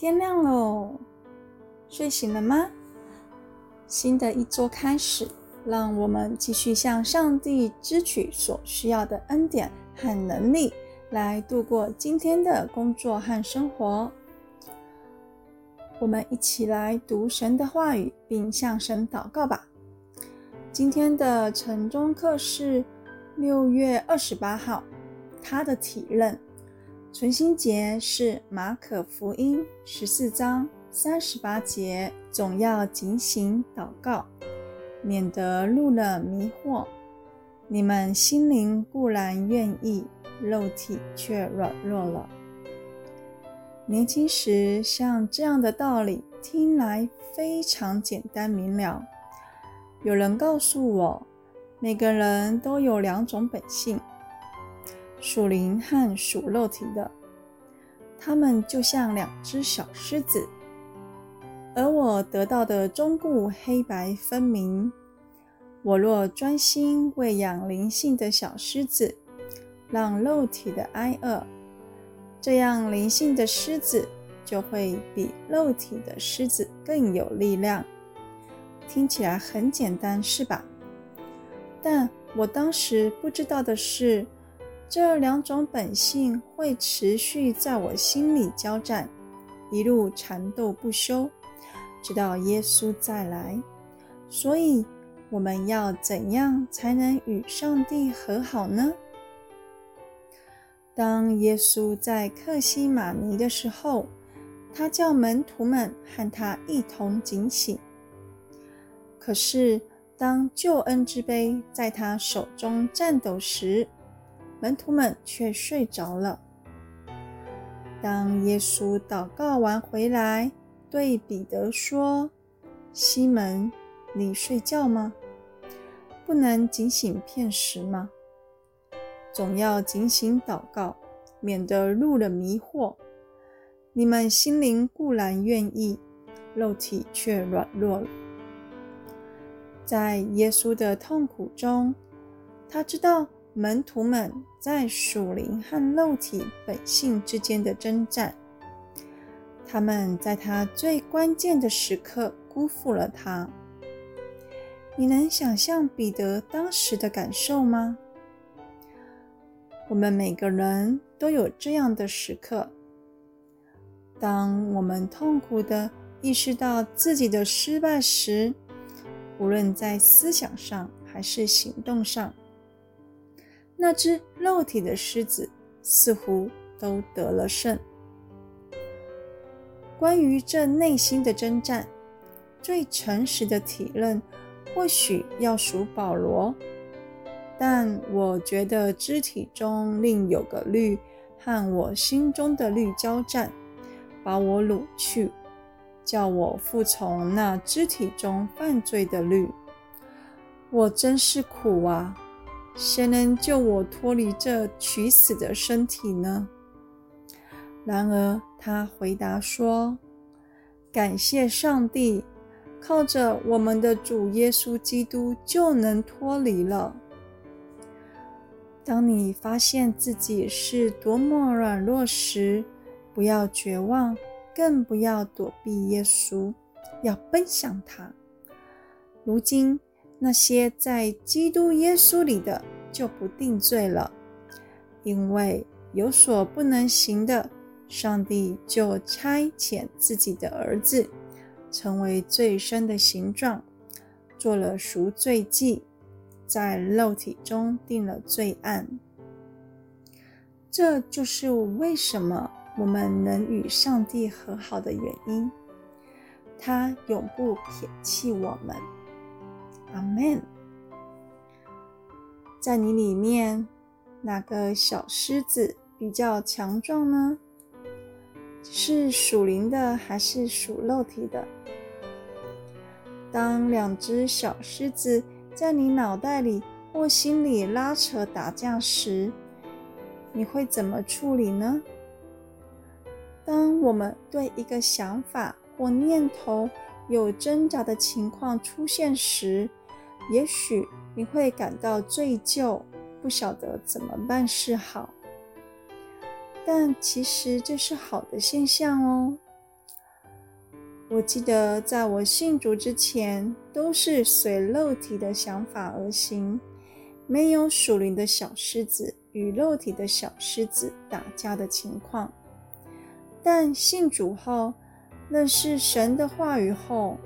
天亮嘍，睡醒了嗎？新的一週開始，讓我們繼續向上帝支取所需要的恩典和能力，來度過今天的工作和生活。我們一起來讀神的話語，並向神禱告吧。今天的晨鐘課是六月二十八號，祂的體認。存心節是馬可福音十四章三十八節，總要警醒禱告，免得入了迷惑。你們心靈固然願意，肉體卻軟弱了。年輕時像這樣的道理聽來非常簡單明了。有人告訴我，每個人都有兩種本性。屬靈和屬肉體的，它們就像兩隻小獅子，而我得到的忠告黑白分明。我若專心餵養靈性的小獅子，讓肉體的挨餓，這樣靈性的獅子就會比肉體的獅子更有力量。聽起來很簡單，是吧？但我當時不知道的是，這兩種本性會持續在我心裡交戰，一路纏鬥不休，直到耶穌再來。所以，我們要怎樣才能與上帝和好呢？當耶穌在客西馬尼的時候，他叫門徒們和他一同警醒。可是，當救恩之杯在他手中顫抖時，門徒們卻睡着了。當耶穌禱告完回來，對彼得說：“西門，你睡覺嗎？不能警醒片時嗎？總要警醒禱告，免得入了迷惑。你們心靈固然願意，肉體卻軟弱了。”在耶穌的痛苦中，他知道。門徒們在屬靈和肉體本性之間的徵戰，他們在他最關鍵的時刻辜負了他。你能想象彼得當時的感受嗎？我們每個人都有這樣的時刻，當我們痛苦地意識到自己的失敗時，無論在思想上還是行動上，那隻肉體的獅子似乎都得了勝。關於這內心的徵戰，最誠實的體認，或許要數保羅。但我覺得肢體中另有個律，和我心中的律交戰，把我擄去，叫我服從那肢體中犯罪的律。我真是苦啊！誰能救我脫離這取死的身體呢？然而他回答說：“感謝上帝，靠着我們的主耶穌基督就能脫離了。”當你發現自己是多麼軟弱時，不要絕望，更不要躲避耶穌，要奔向他。如今。那些在基督耶穌裡的，就不定罪了，因為有所不能行的，上帝就差遣自己的兒子，成為最深的形狀，做了贖罪祭，在肉體中定了罪案。這就是為什麼我們能與上帝和好的原因，他永不撇棄我們。Amen。在你裡面，哪個小獅子比較強壯呢？是屬靈的還是屬肉體的？當兩隻小獅子在你腦袋裡或心裡拉扯打架時，你會怎麼處理呢？當我們對一個想法或念頭有掙扎的情況出現時，也許你會感到愧疚，不曉得怎麼辦是好。但其實這是好的現象哦。我記得在我信主之前，都是隨肉體的想法而行，沒有屬靈的小獅子與肉體的小獅子打架的情況。但信主後，認識神的話語後，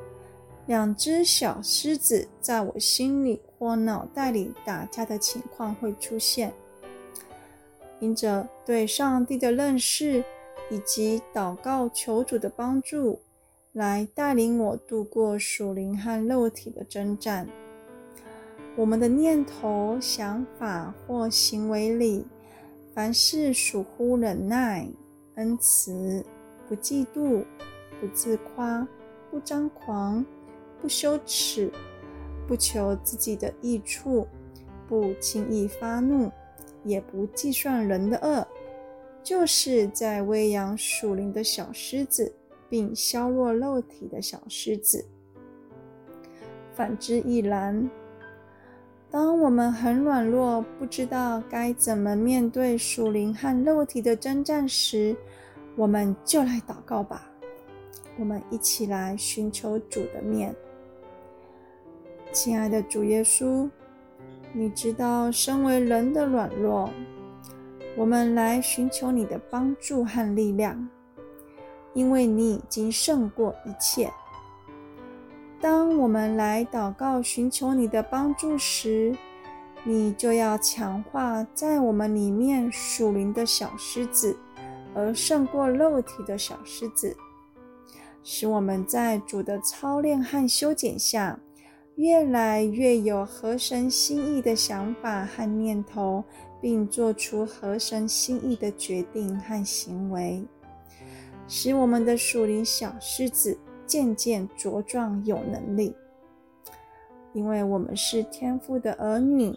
兩隻小獅子在我心裡或腦袋裡打架的情況會出現。憑着對上帝的認識以及禱告求主的幫助，來帶領我度過屬靈和肉體的征戰。我們的念頭、想法或行為裡，凡事屬乎忍耐、恩慈、不嫉妒、不自誇、不張狂。不羞恥，不求自己的益處，不輕易發怒，也不計算人的惡，就是在餵養屬靈的小獅子，並削弱肉體的小獅子。反之亦然。當我們很軟弱，不知道該怎麼面對屬靈和肉體的爭戰時，我們就來禱告吧。我們一起來尋求主的面。親愛的主耶穌，你知道身為人的軟弱，我們來尋求你的幫助和力量，因為你已經勝過一切。當我們來禱告尋求你的幫助時，你就要強化在我們裡面屬靈的小獅子，而勝過肉體的小獅子，使我們在主的操練和修剪下。越來越有合神心意的想法和念頭，並做出合神心意的決定和行為，使我們的屬靈小獅子漸漸茁壯有能力。因為我們是天父的兒女，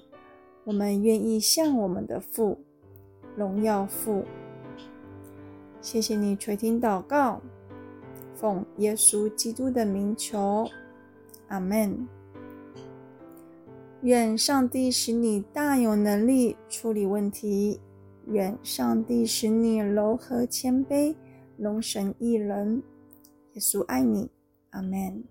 我們願意向我們的父榮耀父。謝謝你垂聽禱告，奉耶穌基督的名求，阿門。願上帝使你大有能力處理問題。願上帝使你柔和謙卑，榮神益人。耶穌愛你，阿們。